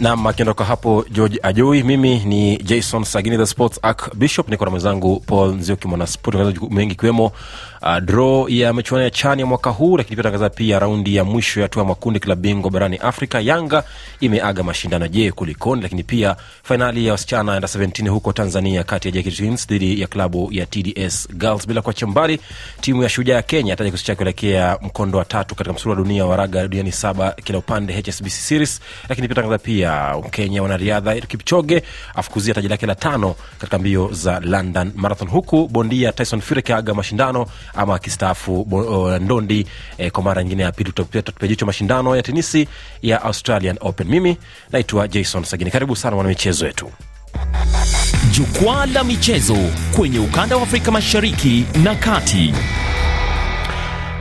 nam akiondoka hapo george ajoi mimi ni jason sagini the sports ac bishop niko na mwenzangu paul nzioki mwanaspoti tangaza mengi ikiwemo uh, dro ya michuano ya chani ya mwaka huu lakini pia tangaza pia raundi ya mwisho ya tua makundi kila bingwa barani afrika yanga imeaga mashindano je kulikoni lakini pia fainali ya wasichana enda 17 huko tanzania kati ya JKT Twins dhidi ya klabu ya tds girls bila kuacha mbali timu ya shujaa ya kenya ataja kikosi chake kuelekea mkondo wa tatu katika msuru wa dunia wa raga duniani saba kila upande hsbc series lakini pia tangaza pia ya Mkenya wanariadha Kipchoge afukuzia taji lake la tano katika mbio za London Marathon, huku bondia Tyson fur akiaga mashindano ama akistaafu ndondi eh, kwa mara nyingine ya pili. Tutapia jicho mashindano ya tenisi ya Australian Open. Mimi naitwa Jason Sagini, karibu sana mwanamichezo wetu Jukwaa la michezo kwenye ukanda wa Afrika Mashariki na Kati.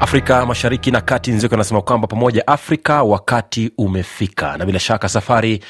Afrika Mashariki na Kati, Nzioki anasema kwamba pamoja Afrika wakati umefika, na bila shaka safari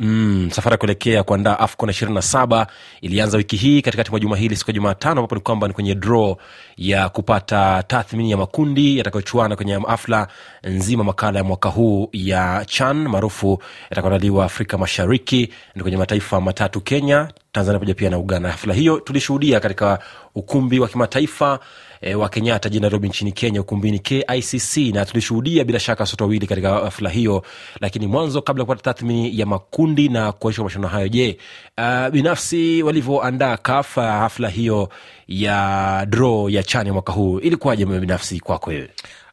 Mm, safari ya kuelekea kuandaa AFCON 27 ilianza wiki hii katikati mwa juma hili siku ya Jumatano, ambapo ni kwamba ni kwenye draw ya kupata tathmini ya makundi yatakayochuana kwenye hafla nzima makala ya mwaka huu ya CHAN maarufu yatakayoandaliwa Afrika Mashariki, ni kwenye mataifa matatu Kenya, Tanzania pamoja pia na Uganda. Hafla hiyo tulishuhudia katika ukumbi wa kimataifa e, wa Kenyatta jijini Nairobi nchini Kenya, ukumbini KICC, na tulishuhudia bila shaka sote wawili katika hafla hiyo. Lakini mwanzo, kabla ya kupata tathmini ya makundi na kuonyesha mashano mashindano hayo, je, uh, binafsi walivyoandaa kafa hafla hiyo ya dro ya chani mwaka huu ilikuwaje binafsi kwako wewe?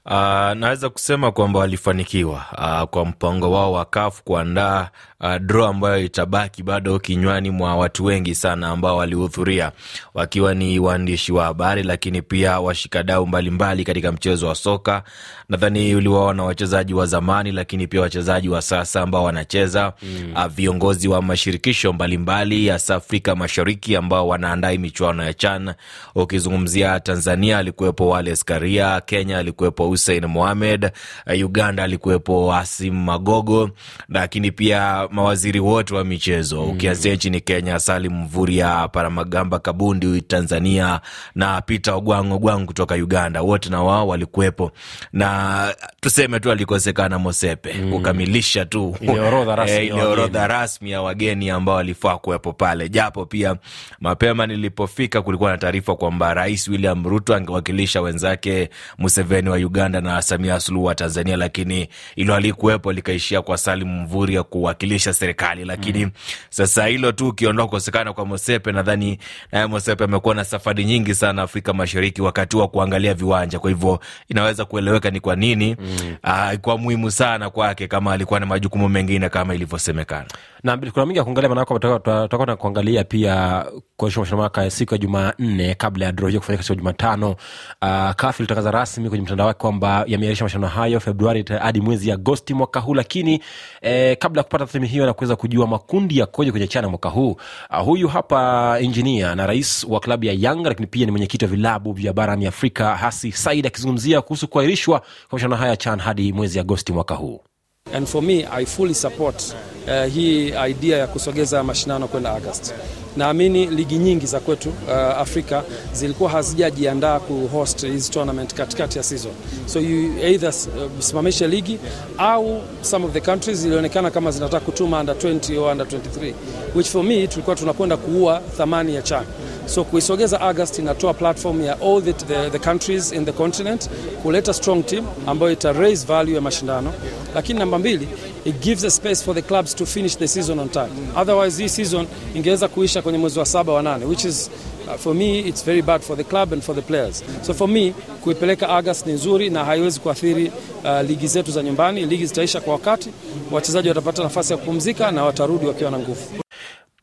Uh, naweza kusema kwamba walifanikiwa uh, kwa mpango wao wa CAF kuandaa uh, draw ambayo itabaki bado kinywani mwa watu wengi sana ambao walihudhuria wakiwa ni waandishi wa habari, lakini pia washikadau mbalimbali katika mchezo wa soka nadhani uliwaona wachezaji wa zamani, lakini pia wachezaji wa sasa ambao wanacheza mm. Ah, viongozi wa mashirikisho mbalimbali hasa Afrika Mashariki ambao wanaandaa michuano ya CHAN. Ukizungumzia Tanzania alikuwepo Wallace Karia, Kenya alikuwepo Hussein Mohamed, ah, Uganda alikuwepo Asim Magogo, lakini pia mawaziri wote wa michezo mm. Ukianzia nchini Kenya, Salim Mvurya, Paramagamba Kabundi Tanzania na Peter Ogwang Ogwang kutoka Uganda, wote na wao walikuwepo na tuseme tu alikosekana Mosepe mm. kukamilisha tu ile orodha eh, rasmi, ya wageni ambao walifaa kuwepo pale, japo pia mapema nilipofika kulikuwa na taarifa kwamba Rais William Ruto angewakilisha wenzake Museveni wa Uganda na Samia Suluhu wa Tanzania, lakini hilo alikuwepo likaishia kwa Salim ya kuwakilisha serikali. Lakini mm. sasa hilo tu ukiondoa kukosekana kwa Mosepe, nadhani naye eh, Mosepe amekuwa na safari nyingi sana Afrika Mashariki wakati wa kuangalia viwanja, kwa hivyo inaweza kueleweka ni kwa kwa nini mm. uh, kwa muhimu sana kwake kama alikuwa na majukumu mengine kama ilivyosemekana na kuna mingi ya kuangalia manako tutakuwa na kuangalia pia kuonyesha mashindano yake siku ya Jumanne kabla ya draw kufanyika siku ya Jumatano. Uh, ah, CAF ilitangaza rasmi kwenye mtandao wake kwamba yameahirisha mashindano hayo Februari hadi mwezi Agosti mwaka huu, lakini eh, kabla ya kupata tathmini hiyo na kuweza kujua makundi ya yakoje kwenye chana mwaka huu uh, huyu hapa injinia na rais wa klabu ya Yanga, lakini pia ni mwenyekiti wa vilabu vya barani Afrika Hasi Said akizungumzia kuhusu kuairishwa kuhusiana haya CHAN hadi mwezi Agosti mwaka huu. And for me, I fully support uh, hii idea ya kusogeza mashindano kwenda August. Naamini ligi nyingi za kwetu uh, Afrika zilikuwa hazijajiandaa kuhost hizi tournament katikati ya season. So you either uh, simamishe ligi au some of the countries zilionekana kama zinataka kutuma under 20 o under 23 which for me tulikuwa tunakwenda kuua thamani ya CHAN. So kuisogeza August inatoa platform ya all the, the, the countries in the continent kuleta strong team ambayo ita raise value ya mashindano, lakini namba mbili, it gives a space for the clubs to finish the season on time. Otherwise hii season ingeweza kuisha kwenye mwezi wa saba wa nane which is uh, for me it's very bad for the club and for the players. So for me kuipeleka August ni nzuri na haiwezi kuathiri uh, ligi zetu za nyumbani. Ligi zitaisha kwa wakati, wachezaji watapata nafasi ya kupumzika na watarudi wakiwa na nguvu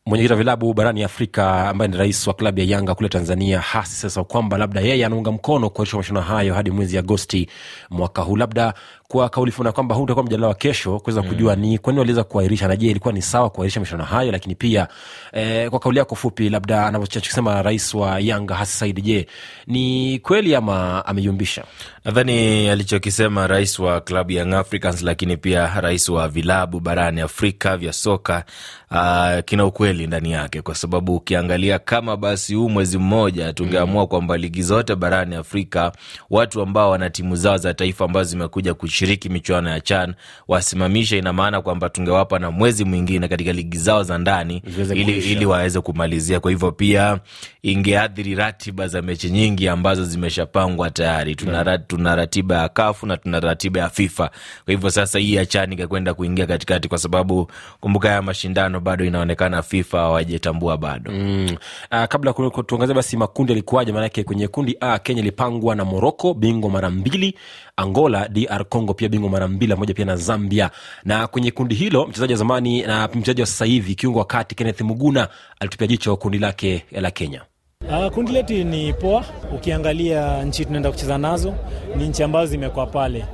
mwenyekiti wa vilabu barani Afrika ambaye ni rais wa klabu ya Yanga kule Tanzania, hasi sasa kwamba labda yeye anaunga mkono kuairishwa mashindano hayo hadi mwezi Agosti mwaka huu, labda kwa kauli funa kwamba huu utakuwa mjadala wa kesho kuweza mm. kujua ni kwa nini waliweza kuairisha na je, ilikuwa ni sawa kuairisha mashindano hayo. Lakini pia eh, kwa kauli yako fupi, labda anachokisema rais wa Yanga Hasi Saidi, je, ni kweli ama ameyumbisha? Nadhani alichokisema rais wa klabu Young Africans, lakini pia rais wa vilabu barani Afrika vya soka uh, kina ukweli ndani yake, kwa sababu ukiangalia kama basi huu mwezi mmoja tungeamua mm. kwamba ligi zote barani Afrika watu ambao wana timu zao za taifa ambazo zimekuja kushiriki michuano ya CHAN wasimamishe, ina maana kwamba tungewapa na mwezi mwingine katika ligi zao za ndani ili, ili waweze kumalizia. Kwa hivyo pia ingeathiri ratiba za mechi nyingi ambazo zimeshapangwa tayari. Tuna, tuna ratiba ya kafu na tuna ratiba ya FIFA. Kwa hivyo sasa hii ya CHAN ikakwenda kuingia katikati, kwa sababu kumbuka haya mashindano michuano bado inaonekana fifa hawajatambua bado mm. uh, kabla tuangazie basi makundi yalikuwaje maanake kwenye kundi a kenya ilipangwa na morocco bingwa mara mbili angola dr congo pia bingwa mara mbili moja pia na zambia na kwenye kundi hilo mchezaji wa zamani na mchezaji wa sasa hivi kiungo wa kati kenneth muguna alitupia jicho kundi lake la kenya Uh, kundi letu ni poa. Ukiangalia nchi tunaenda kucheza nazo ni nchi ambazo zimekuwa pale,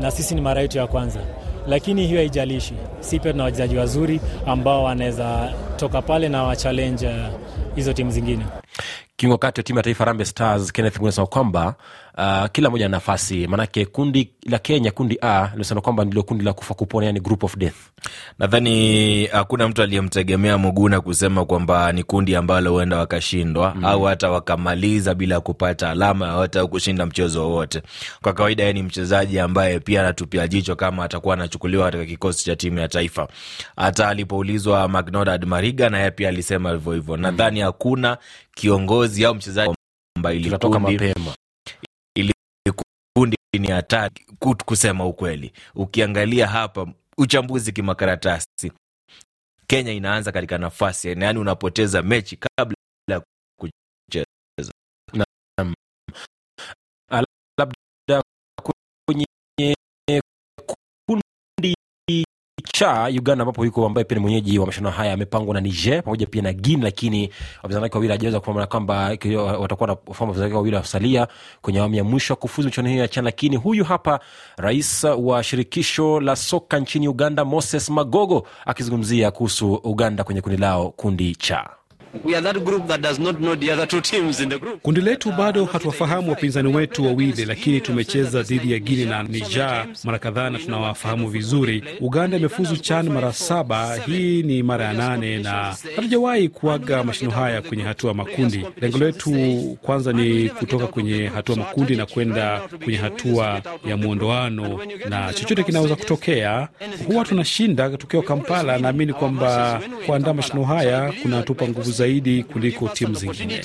na sisi ni mara yetu ya kwanza lakini hiyo haijalishi. Sipe tuna wachezaji wazuri ambao wanaweza toka pale na wachallenge eh, hizo timu zingine. Kiungo kati ya timu ya taifa Harambee Stars Kenneth Muna anasema kwamba uh, kila moja na nafasi maanake kundi la kenya kundi a limesema kwamba ndilo kundi la kufa kupona yani group of death nadhani hakuna ah, mtu aliyemtegemea muguna kusema kwamba ni kundi ambalo huenda wakashindwa mm. au hata wakamaliza bila kupata alama yoyote au kushinda mchezo wowote kwa kawaida ye ni mchezaji ambaye pia anatupia jicho kama atakuwa anachukuliwa katika kikosi cha timu ya taifa hata alipoulizwa mcnodad mariga naye pia alisema hivyo hivyo mm. nadhani hakuna kiongozi au mchezaji kwamba ili kundi ni hatari, kusema ukweli. Ukiangalia hapa uchambuzi kimakaratasi, Kenya inaanza katika nafasi, yaani unapoteza mechi kabla cha Uganda ambapo yuko ambaye pia ni mwenyeji wa mashindano haya amepangwa na Niger pamoja pia na Guinea, lakini wapinzani wake wawili hajaweza kuamana kwamba watakuwa na wapinzani wake wawili wasalia kwenye awamu ya mwisho ya kufuzu michuano hiyo ya CHAN. Lakini huyu hapa rais wa shirikisho la soka nchini Uganda Moses Magogo akizungumzia kuhusu Uganda kwenye kundi lao, kundi cha Kundi letu bado hatuwafahamu wapinzani wetu wawili, lakini tumecheza dhidi ya Guinea na Niger mara kadhaa na tunawafahamu vizuri. Uganda imefuzu CHAN mara saba, hii ni mara ya nane na hatujawahi kuaga mashino haya kwenye hatua makundi. Lengo letu kwanza ni kutoka kwenye hatua makundi na kwenda kwenye hatua ya mwondoano, na chochote kinaweza kutokea. Huwa tunashinda tukiwa Kampala. Naamini kwamba kuandaa mashino haya kunatupa nguvu zaidi zaidi kuliko timu zingine.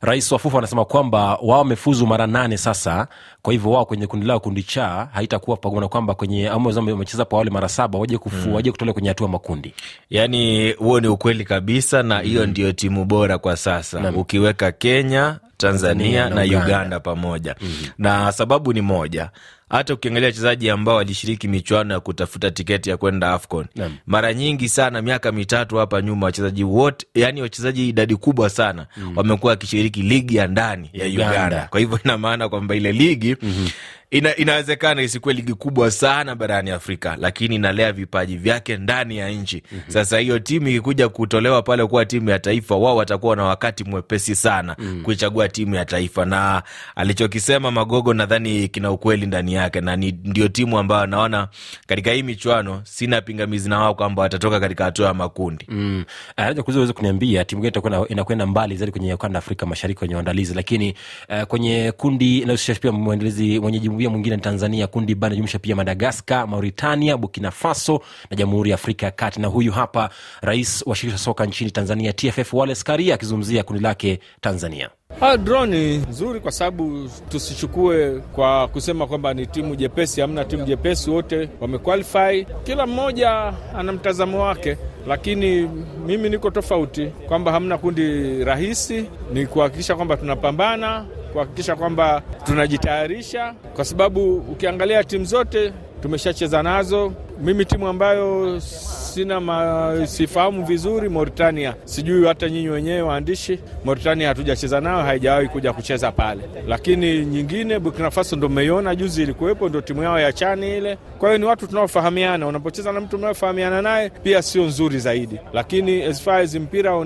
Rais Wafufu anasema kwamba wao wamefuzu mara nane sasa, kwa hivyo wao kwenye kundi lao, kundi cha haitakuwa pamoja na kwamba kwenye wamecheza pa wale mara saba waje kufu mm, waje kutolewa kwenye hatua makundi. Yani huo ni ukweli kabisa, na hiyo mm, ndio timu bora kwa sasa ukiweka Kenya Tanzania na Uganda, Uganda pamoja mm -hmm. Na sababu ni moja, hata ukiangalia wachezaji ambao walishiriki michuano ya kutafuta tiketi ya kwenda AFCON yeah. Mara nyingi sana miaka mitatu hapa nyuma wachezaji wote, yani wachezaji idadi kubwa sana mm -hmm. wamekuwa wakishiriki ligi ya ndani ya Uganda, Uganda. Kwa hivyo ina maana kwamba ile ligi mm -hmm Ina, inawezekana isikuwe ligi kubwa sana barani Afrika, lakini inalea vipaji vyake ndani ya nchi. mm -hmm. Sasa hiyo timu ikikuja kutolewa pale kuwa timu ya taifa, wao watakuwa na wakati mwepesi sana mm -hmm. kuichagua timu ya taifa, na alichokisema Magogo nadhani kina ukweli ndani yake, na ni ndio timu ambayo naona katika hii michuano sina pingamizi na wao kwamba watatoka katika hatua ya makundi. mm. Eh, uweze kuniambia timu gani inakwenda mbali zaidi kwenye kanda Afrika Mashariki kwenye uandalizi, lakini uh, kwenye kundi inahusisha pia mwandalizi mwenyeji Mwanasheria mwingine ni Tanzania. Kundi B linajumuisha pia Madagaskar, Mauritania, Burkina Faso na Jamhuri ya Afrika ya Kati. Na huyu hapa rais wa shirikisho soka nchini Tanzania TFF Wallace Karia akizungumzia kundi lake Tanzania. Ha, ah, ni nzuri kwa sababu tusichukue kwa kusema kwamba ni timu jepesi. Hamna timu jepesi, wote wamequalify, kila mmoja ana mtazamo wake, lakini mimi niko tofauti kwamba hamna kundi rahisi, ni kuhakikisha kwamba tunapambana kuhakikisha kwamba tunajitayarisha, kwa sababu ukiangalia timu zote tumeshacheza nazo. Mimi timu ambayo sina ma, sifahamu vizuri Mauritania, sijui hata nyinyi wenyewe waandishi, Mauritania hatujacheza nayo, haijawahi kuja kucheza pale. Lakini nyingine Burkina Faso ndo mmeiona juzi ilikuwepo, ndo timu yao ya chani ile. Kwa hiyo ni watu tunaofahamiana, unapocheza na mtu unaofahamiana naye pia sio nzuri zaidi. Lakini as far as mpira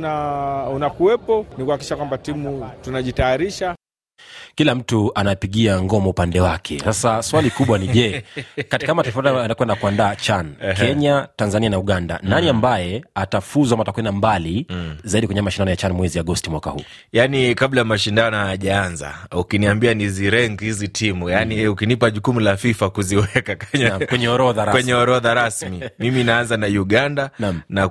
unakuwepo, una ni kuhakikisha kwamba timu tunajitayarisha kila mtu anapigia ngoma upande wake. Sasa swali kubwa ni je, katika mataifa ambayo kuandaa CHAN Kenya, Tanzania na Uganda, mm. nani ambaye atafuzwa ama atakwenda mbali mm. zaidi kwenye mashindano ya CHAN mwezi Agosti mwaka huu? Yani kabla mashindano hayajaanza, ukiniambia ni zirenk hizi timu, yani mm. ukinipa jukumu la FIFA kuziweka kwenye orodha rasmi, mimi naanza na Uganda na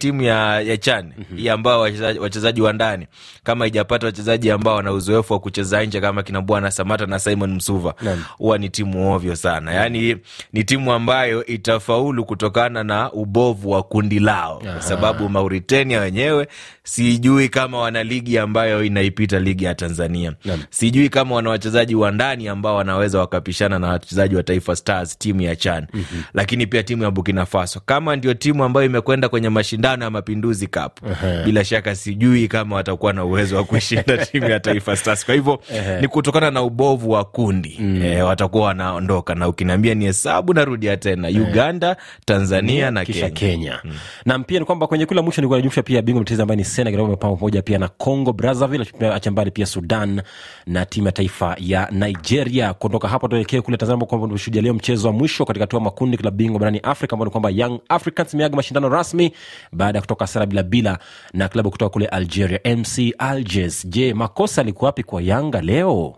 timu ya, ya CHAN mm -hmm. hii ambao wachezaji wachezaji wa ndani kama ijapata wachezaji ambao wana uzoefu wa kucheza nje kama kina Bwana Samata na Simon Msuva huwa ni timu ovyo sana, yaani ni timu ambayo itafaulu kutokana na ubovu wa kundi lao, kwa sababu Mauritania wenyewe sijui kama wana ligi ambayo inaipita ligi ya Tanzania Nani. sijui kama wana wachezaji wa ndani ambao wanaweza wakapishana na wachezaji wa Taifa Stars, timu ya CHAN mm -hmm. lakini pia timu ya Burkina Faso kama ndio timu ambayo imekwenda kwenye mashindano mashindano ya Mapinduzi Cup. Bila shaka sijui kama watakuwa na uwezo wa kushinda timu ya Taifa Stars. Kwa hivyo uh-huh. ni kutokana na ubovu wa kundi mm. E, watakuwa wanaondoka, na ukiniambia ni hesabu narudia tena Uganda, Tanzania na Kenya, Kenya. Mm. na pia ni kwamba kwenye kula mwisho nilikuwa najumsha pia bingwa mtetezi ambaye ni Senegal wamepangwa pamoja pia na Congo Brazzaville, acha mbali pia Sudan na timu ya taifa ya Nigeria. Kuondoka hapo tuelekee kule Tanzania kwamba tumeshuhudia leo mchezo wa mwisho katika hatua makundi klabu bingwa barani Afrika ambao ni kwamba Young Africans imeaga mashindano rasmi baada ya kutoka sara bila bila na klabu kutoka kule algeria mc alges je makosa alikuwapi kwa yanga leo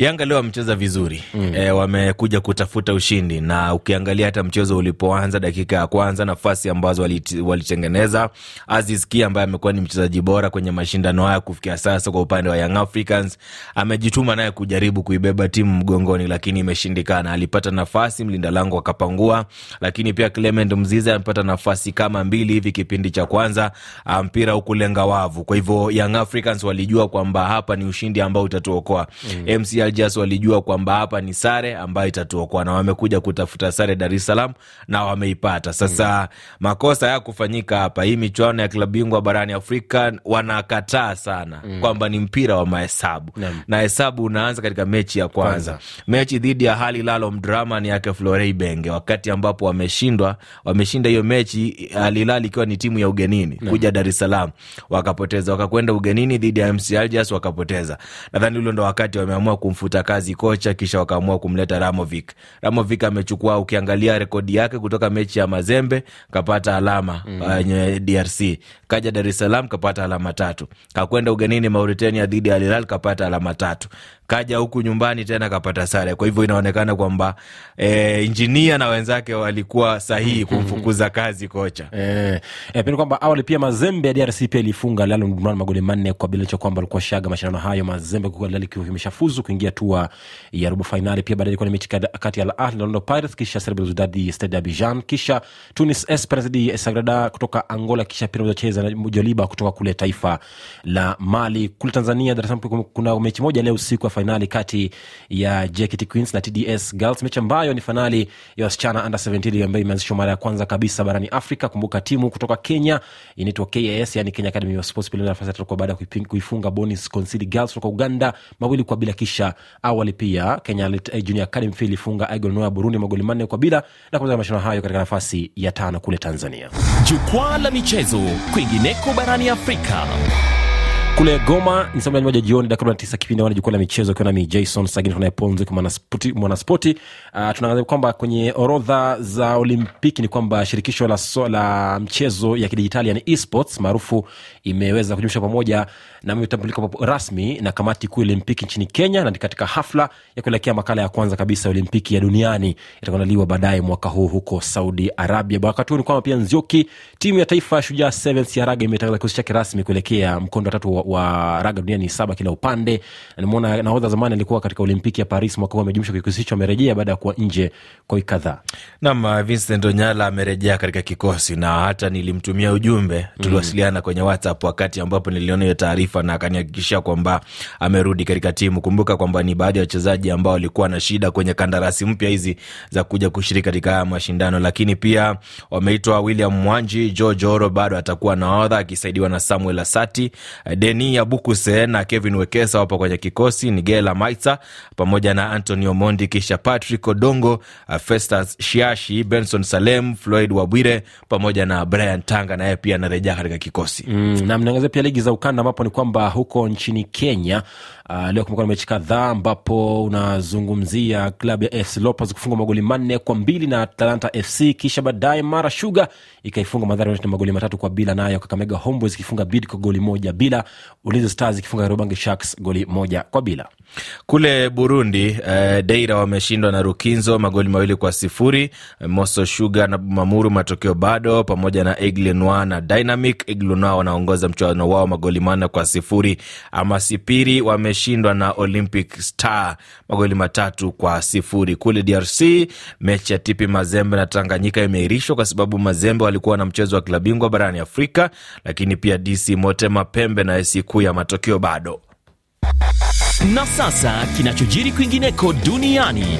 Yanga leo wamecheza vizuri mm. E, wamekuja kutafuta ushindi, na ukiangalia hata mchezo ulipoanza, dakika ya kwanza, nafasi ambazo walitengeneza, Aziz Ki ambaye amekuwa ni mchezaji bora kwenye mashindano haya kufikia sasa kwa upande wa Young Africans, amejituma naye kujaribu kuibeba timu mgongoni, lakini imeshindikana. Alipata nafasi, mlinda lango akapangua, lakini pia Clement Mzize amepata nafasi kama mbili hivi kipindi cha kwanza, ah, mpira ukulenga wavu. Kwa hivyo Young Africans walijua kwamba hapa ni ushindi ambao utatuokoa mm. MCI Algiers walijua kwamba hapa ni sare ambayo itatuokoa, na wamekuja kutafuta sare Dar es Salaam na wameipata. Sasa mm. makosa ya kufanyika hapa, hii michuano ya klabu bingwa barani Afrika wanakataa sana mm. kwamba ni mpira wa mahesabu mm. na hesabu unaanza katika mechi ya kwanza, kwanza. mechi dhidi ya Al Hilal Omdurman yake Florent Ibenge, wakati ambapo wameshindwa, wameshinda hiyo mechi Al Hilal ikiwa ni timu ya ugenini mm. kuja Dar es Salaam wakapoteza, wakakwenda ugenini dhidi ya MC Algiers wakapoteza. Nadhani hilo ndo wakati wameamua ku kumfuta kazi kocha, kisha wakaamua kumleta Ramovic. Ramovic amechukua, ukiangalia rekodi yake kutoka mechi ya Mazembe kapata alama mm. Uh, eh, DRC kaja Dar es Salaam kapata alama tatu, kakwenda ugenini Mauritania dhidi ya Al Hilal kapata alama tatu kaja huku nyumbani tena kapata sare. Kwa hivyo inaonekana kwamba e, eh, injinia na wenzake walikuwa sahihi kumfukuza kazi kocha e, e, kwamba awali pia Mazembe ya DRC pia ilifunga Lalo Ndumano magoli manne kwa bila cha kwamba alikuwa shaga mashindano hayo Mazembe kwa kweli kuingia tua ya robo fainali. Pia baadaye ilikuwa ni mechi kati ya Al Ahly na Orlando Pirates, kisha Serbia dhidi Stade Abidjan, kisha Tunis Esperance dhidi Sagrada kutoka Angola, kisha pia wacheza na Joliba kutoka kule taifa la Mali. Kule Tanzania Dar es Salaam kuna mechi moja leo usiku ya fainali kati ya JKT Queens na TDS Girls, mechi ambayo ni fainali ya wasichana under 17 ambayo imeanzishwa mara ya kwanza kabisa barani Afrika. Kumbuka timu kutoka Kenya inaitwa KAS, yani Kenya Academy of Sports, pili nafasi ya tatu baada ya kuifunga Bonis Concili Girls kutoka Uganda mawili kwa bila. Kisha awali pia Kenya eh, Junior Academy fi ilifunga Aigle Noir Burundi magoli manne kwa bila na kumaliza mashindano hayo katika nafasi ya tano kule Tanzania. Jukwaa la michezo kwingineko barani Afrika kule Goma ni saa moja jioni dakika arobaini tisa kipindi wana jukwaa la michezo akiwa nami Jason Sagini tunaye Paul kwa mwanaspoti, mwanaspoti. Uh, tunaangazia kwamba kwenye orodha za Olimpiki ni kwamba shirikisho la, so, la mchezo ya kidijitali yani esports maarufu imeweza kujumuisha pamoja na ametambulika rasmi na kamati kuu ya Olimpiki nchini Kenya, na katika hafla ya kuelekea makala ya kwanza kabisa ya Olimpiki ya duniani itakaandaliwa baadaye mwaka huu huko Saudi Arabia. Wakati huu ni kwamba pia Nzioki, timu ya taifa ya Shujaa Sevens ya raga imetangaza kikosi chake rasmi kuelekea mkondo wa tatu wa, wa raga duniani saba kila upande. Nimeona nahodha zamani alikuwa katika Olimpiki ya Paris mwaka huu amejumuishwa kikosi hicho, amerejea baada ya kuwa nje kwa wiki kadhaa. Nam uh, Vincent Onyala amerejea katika kikosi na hata nilimtumia ujumbe, tuliwasiliana mm. kwenye WhatsApp wakati ambapo niliona hiyo taarifa taifa na akanihakikishia kwamba amerudi katika timu. Kumbuka kwamba ni baadhi ya wachezaji ambao walikuwa na shida kwenye kandarasi mpya hizi za kuja kushiriki katika haya mashindano, lakini pia wameitwa William Mwanji, George Oro bado atakuwa nahodha akisaidiwa na Samuel Asati, Deni Abukuse na Kevin Wekesa wapo kwenye kikosi, Nigela Maitsa pamoja na Antonio Mondi, kisha Patrick Odongo, Festus Shiashi, Benson Salem, Floyd Wabwire pamoja na Brian Tanga, naye pia anarejea katika kikosi mm, na mnaangazia pia ligi za ukanda ambapo ni kwamba huko nchini Kenya uh, leo kumekuwa na mechi kadhaa ambapo unazungumzia klabu ya fc lopez kufunga magoli manne kwa mbili na Atalanta FC, kisha baadaye Mara shuga ikaifunga Mathare United magoli matatu kwa bila, nayo Kakamega Homeboyz ikifunga kwa goli moja bila, Ulinzi Stars ikifunga Robangi Sharks goli moja kwa bila. Kule Burundi eh, Deira wameshindwa na Rukinzo magoli mawili kwa sifuri. Moso shuga na Mamuru matokeo bado, pamoja na Aigle na Dynamic. Aigle wanaongoza mchuano wao magoli manne kwa sifuri ama sipiri wameshindwa na Olympic Star magoli matatu kwa sifuri. Kule DRC mechi ya TP Mazembe na Tanganyika imeahirishwa kwa sababu Mazembe walikuwa na mchezo wa klabu bingwa barani Afrika, lakini pia DC Motema Pembe na siku ya matokeo bado. Na sasa kinachojiri kwingineko duniani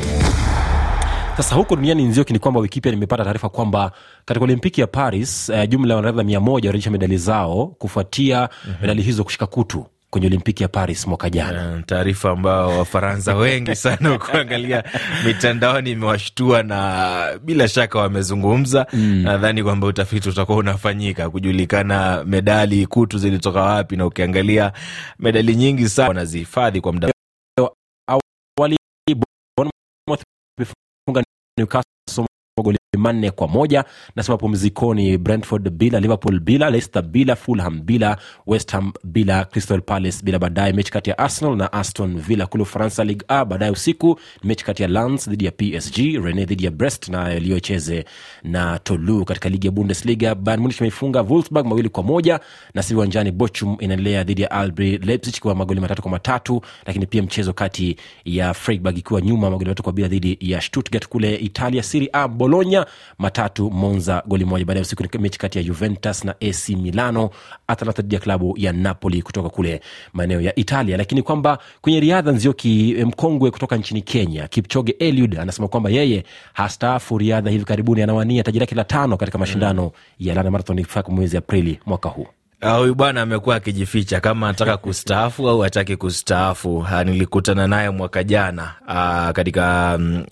sasa huko duniani Nzioki, ni kwamba wiki pia nimepata taarifa kwamba katika Olimpiki ya Paris uh, jumla ya wanariadha mia moja walionyesha medali zao kufuatia mm -hmm. medali hizo kushika kutu kwenye Olimpiki ya Paris mwaka jana, taarifa ambao Wafaransa wengi sana kuangalia mitandaoni imewashtua na bila shaka wamezungumza mm. Nadhani kwamba utafiti utakuwa unafanyika kujulikana medali kutu zilitoka wapi, na ukiangalia medali nyingi sana wanazihifadhi kwa mda new manne kwa moja. Nasema pumzikoni, Brentford bila, Liverpool bila, Leicester bila, Fulham bila, West Ham bila, Crystal Palace bila. Baadaye mechi kati ya Arsenal na Aston Villa kule Ufaransa, Ligue A. Baadaye usiku ni mechi kati ya Lens dhidi ya PSG, Rennes dhidi ya Brest na iliyocheze na Toulouse. Katika ligi ya Bundesliga, Bayern Munich imeifunga Wolfsburg mawili kwa moja, na si uwanjani Bochum inaendelea dhidi ya RB Leipzig kwa magoli matatu kwa matatu, lakini pia mchezo kati ya Freiburg ikiwa nyuma magoli matatu kwa bila dhidi ya Stuttgart kule Italia. Serie A, Bologna matatu Monza goli moja. baada ya usiku ni mechi kati ya Juventus na AC Milano, Atalanta dhidi ya klabu ya Napoli kutoka kule maeneo ya Italia. Lakini kwamba kwenye riadha, Nzioki eh, mkongwe kutoka nchini Kenya, Kipchoge Eliud anasema kwamba yeye hastaafu riadha hivi karibuni, anawania taji lake la tano katika mashindano mm. ya London Marathon mwezi Aprili mwaka huu. Ah, huyu bwana amekuwa akijificha kama anataka kustaafu au ataki kustaafu. Ah, nilikutana naye mwaka jana ah, katika mm,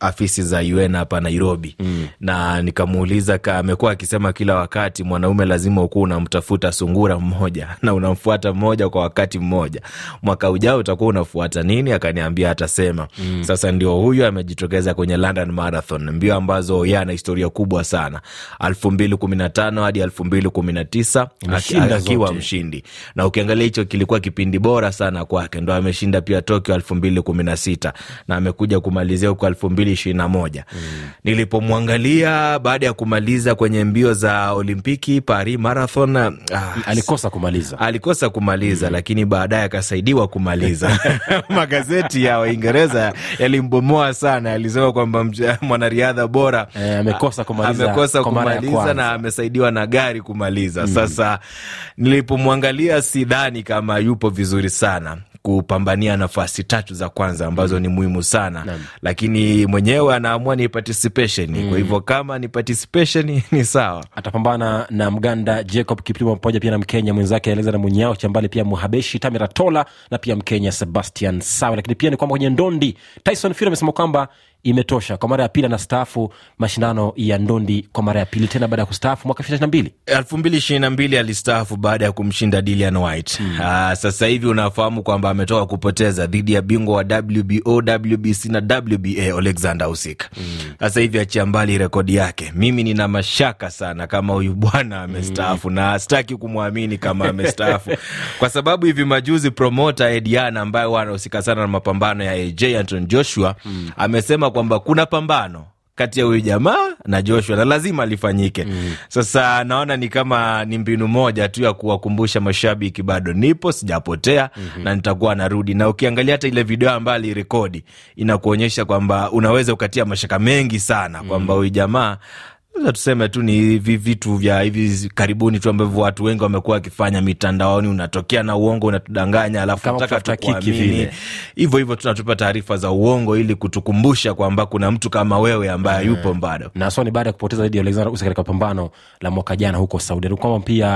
afisi za UN hapa Nairobi mm. na nikamuuliza, amekuwa akisema kila wakati mwanaume lazima ukuwa unamtafuta sungura mmoja na unamfuata mmoja kwa wakati mmoja, mwaka ujao utakuwa unafuata nini? Akaniambia atasema mm. Sasa ndio huyu amejitokeza kwenye London Marathon, mbio ambazo yana historia kubwa sana, elfu mbili kumi na tano hadi elfu mbili kumi na tisa ameshinda akiwa mshindi, na ukiangalia hicho kilikuwa kipindi bora sana kwake, ndo ameshinda pia Tokyo elfu mbili kumi na sita na amekuja kumalizia huko elfu mbili ishirini na moja mm. Nilipomwangalia baada ya kumaliza kwenye mbio za Olimpiki Paris Marathon, ah, mm, alikosa kumaliza, alikosa kumaliza mm. lakini baadaye akasaidiwa kumaliza magazeti ya Waingereza yalimbomoa sana, yalisema kwamba mwanariadha bora eh, amekosa kumaliza, amekosa kumaliza na amesaidiwa na gari kumaliza mm. Sasa Nilipomwangalia sidhani kama yupo vizuri sana kupambania nafasi tatu za kwanza ambazo mm. ni muhimu sana Nam. Lakini mwenyewe anaamua ni participation mm. Kwa hivyo kama ni participation ni sawa, atapambana na Mganda Jacob Kiplimo pamoja pia na Mkenya mwenzake Eleza na Munyao Chambali, pia muhabeshi Tamira Tola na pia Mkenya Sebastian sawa Lakini pia ni kwamba kwenye ndondi Tyson Fury amesema kwamba imetosha kwa mara ya pili anastaafu mashindano ya ndondi kwa mara ya pili tena baada ya kustaafu mwaka ishirini na mbili elfu mbili ishirini na mbili alistaafu baada ya kumshinda Dillian White. Hmm. Aa, ah, sasa hivi unafahamu kwamba ametoka kupoteza dhidi ya bingwa wa WBO, WBC na WBA Alexander Usyk. Hmm. Sasa hivi achia mbali rekodi yake, mimi nina mashaka sana kama huyu bwana amestaafu. Hmm. Na sitaki kumwamini kama amestaafu kwa sababu hivi majuzi promota Ediana ambaye wanahusika sana na mapambano ya AJ Anton Joshua. Hmm. amesema kusema kwamba kuna pambano kati ya huyu jamaa na Joshua na lazima lifanyike. Mm. Sasa naona ni kama ni mbinu moja tu ya kuwakumbusha mashabiki bado nipo, sijapotea mm -hmm. na nitakuwa narudi. Na ukiangalia hata ile video ambayo alirekodi inakuonyesha kwamba unaweza ukatia mashaka mengi sana kwamba mm -hmm. huyu jamaa sasa tuseme tu ni hivi vitu vya hivi karibuni tu ambavyo watu wengi wamekuwa wakifanya mitandaoni, unatokea na uongo, unatudanganya, alafu nataka tukuamini. Hivyo hivyo tunatupa taarifa za uongo ili kutukumbusha kwamba kuna mtu kama wewe ambaye hmm, yupo bado. Na sio. ni baada ya kupoteza dhidi ya Alexander Usyk katika pambano la mwaka jana huko Saudi Arabia, kwamba pia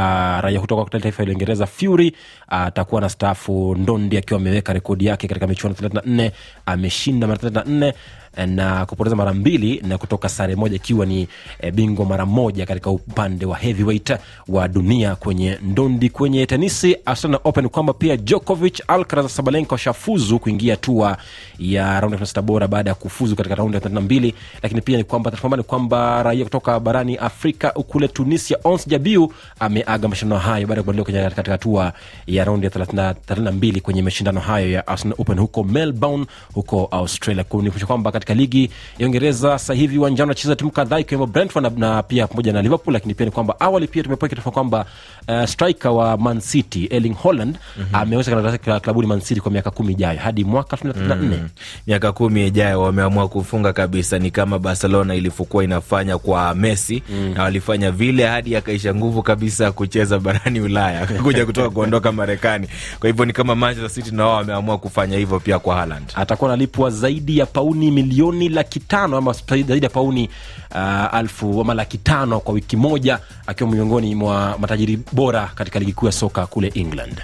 raia kutoka kwa taifa la Uingereza Fury atakuwa na staafu ndondi, akiwa ameweka rekodi yake katika michuano 34 ameshinda mara 34 Eh, na kupoteza mara mbili na kutoka sare moja ikiwa ni e, bingwa mara moja katika upande wa heavyweight eh, wa dunia kwenye ndondi. Kwenye tenisi Australian Open kwamba pia Djokovic, Alcaraz Sabalenka washafuzu kuingia hatua ya raundi ya 16 bora baada ya kufuzu katika raundi ya 32, lakini pia ni kwamba taarifa ni kwamba raia kutoka barani Afrika kule Tunisia Ons Jabiu ameaga mashindano hayo baada ya kubadiliwa katika hatua ya raundi ya 32 kwenye mashindano hayo ya Australian Open huko Melbourne huko Australia, kuonyesha kwamba katika ligi ya Uingereza. Sasa hivi uwanjani wanacheza timu kadhaa ikiwemo Brentford na, na pia pamoja na Liverpool, lakini pia ni kwamba awali pia tumepoa kitofa kwamba uh, striker wa Man City Erling Haaland mm-hmm. ameweza katika klabuni Man City kwa miaka kumi ijayo hadi mwaka elfu mbili na thelathini na nne mm. miaka kumi ijayo wameamua kufunga kabisa, ni kama Barcelona ilivyokuwa inafanya kwa Messi mm. na walifanya vile hadi akaisha nguvu kabisa kucheza barani Ulaya akakuja kutoka kuondoka Marekani. Kwa hivyo ni kama Manchester City na wao wameamua kufanya hivyo pia kwa haland atakuwa analipwa zaidi ya pauni milioni milioni laki tano ama zaidi ya pauni uh, alfu ama laki tano kwa wiki moja, akiwa miongoni mwa matajiri bora katika ligi kuu ya soka kule England.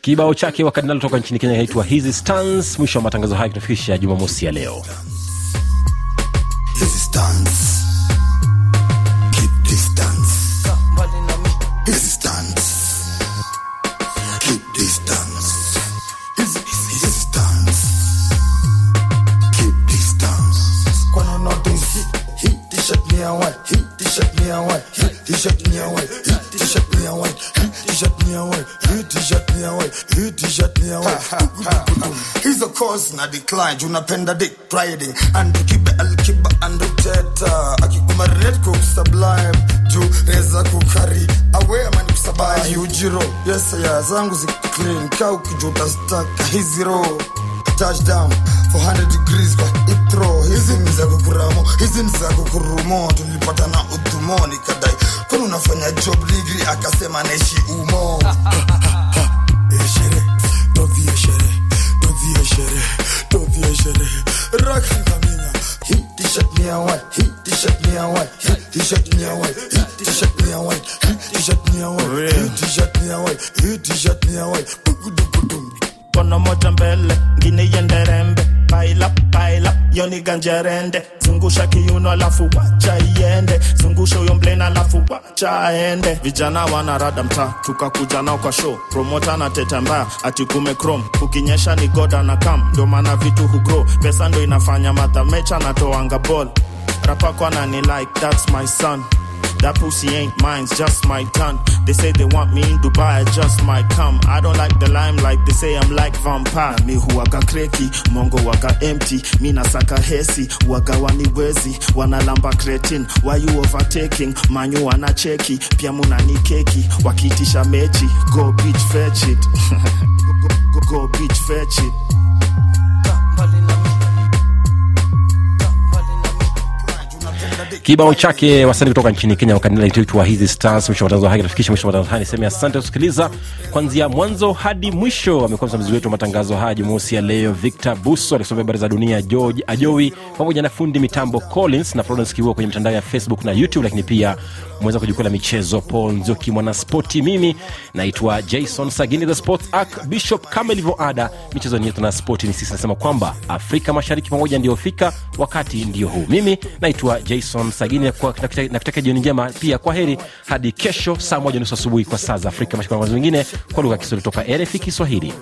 Kibao chake wakati toka nchini Kenya inaitwa Hizi Stans. Mwisho wa matangazo haya kinafikisha Jumamosi ya leo. Hizi Stans. t-shirt me a white, hit t-shirt me a white, hit t-shirt me a white, hit t-shirt me a white, hit t-shirt me a white. Hizo course na decline, unapenda dick riding, andikibe alkiba anduteta, akikuma red cook sublime, juu reza kukari, aware man kusabai, ujiro, yes ya zangu zi clean, kau kijuta staka hizi roho touchdown 400 degrees kwa ithro hizi ni za kukuramo hizi ni za kukurumo tulipatana utumoni kada kwani unafanya job degree? Akasema naishi umo eshere shirt shirt shirt shirt shirt shirt shirt mkono moja mbele, ngine yenderembe, baila baila yoni ganjerende, zungusha kiuno alafu wacha iende, zungusha huyo mblena alafu wacha aende. Vijana rada mta tukakuja nao kwa show, promota na teta mbaya, ati kume chrome, ni goda na kam, ndio maana vitu hugrow, pesa ndo inafanya mathamecha natoanga ball, rapako anani like that's my son That pussy ain't mine, just my tongue. They say they want me in Dubai, I just might come. I don't like the limelight, they say I'm like vampire. Me who waka kreki, mongo waka empty. Me nasaka hesi, waka wani wezi. Wana lamba cretin, why you overtaking? Man you wana cheki, pia muna ni keki. Wakitisha mechi, go bitch fetch it. go, go, go, go bitch fetch it. kibao chake wasani kutoka nchini kenya wakanilatuitwa hizi stars mwisho matangazo haya tufikisha mwisho matangazo haya niseme asante kusikiliza kwanzia mwanzo hadi mwisho amekuwa msimamizi wetu wa matangazo haya jumuusi ya leo victor buso alisomea habari za dunia george ajowi pamoja na fundi mitambo collins na florence kiua kwenye mitandao ya facebook na youtube lakini pia mweza kujukua la michezo paul nzioki mwanaspoti mimi naitwa jason sagini the sports ac bishop kama ilivyo ada michezoni yetu na spoti ni sisi nasema kwamba afrika mashariki pamoja ndiyo wakati ndio huu mimi naitwa jason sagini na kutakia jioni njema pia kwa heri hadi kesho saa moja nusu asubuhi kwa saa za afrika mashariki mengine kwa lugha ya kiswahili toka rf kiswahili